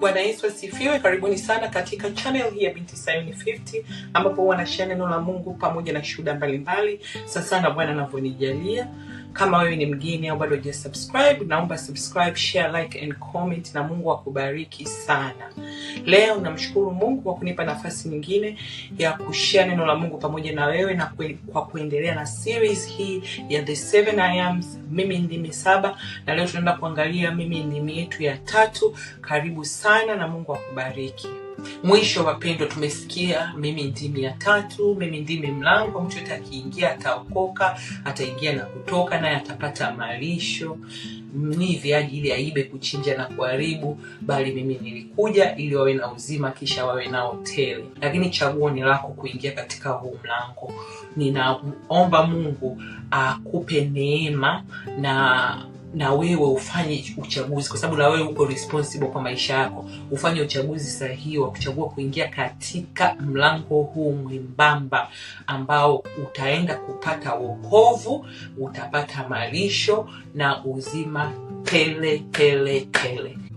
Bwana Yesu asifiwe. Karibuni sana katika channel hii ya Binti Sayuni 50 ambapo huwa neno la Mungu pamoja na shuhuda mbalimbali, sasa na Bwana anavyonijalia. Kama wewe ni mgeni au bado hujasubscribe, naomba subscribe, share, like and comment, na Mungu akubariki sana. Leo namshukuru Mungu kwa kunipa nafasi nyingine ya kushia neno la Mungu pamoja na wewe na kwa kuendelea na series hii ya The Seven I mimi ndimi saba, na leo tunaenda kuangalia mimi ndimi yetu ya tatu. Karibu sana na Mungu akubariki mwisho wapendwa tumesikia mimi ndimi ya tatu mimi ndimi mlango mtu yote akiingia ataokoka ataingia na kutoka naye atapata malisho ni viaji ili aibe kuchinja na kuharibu bali mimi nilikuja ili wawe na uzima kisha wawe nao tele lakini chaguo ni lako kuingia katika huu mlango ninaomba mungu akupe neema na na wewe ufanye uchaguzi, kwa sababu na wewe uko responsible kwa maisha yako. Ufanye uchaguzi sahihi wa kuchagua kuingia katika mlango huu mwembamba ambao utaenda kupata wokovu, utapata malisho na uzima tele tele tele.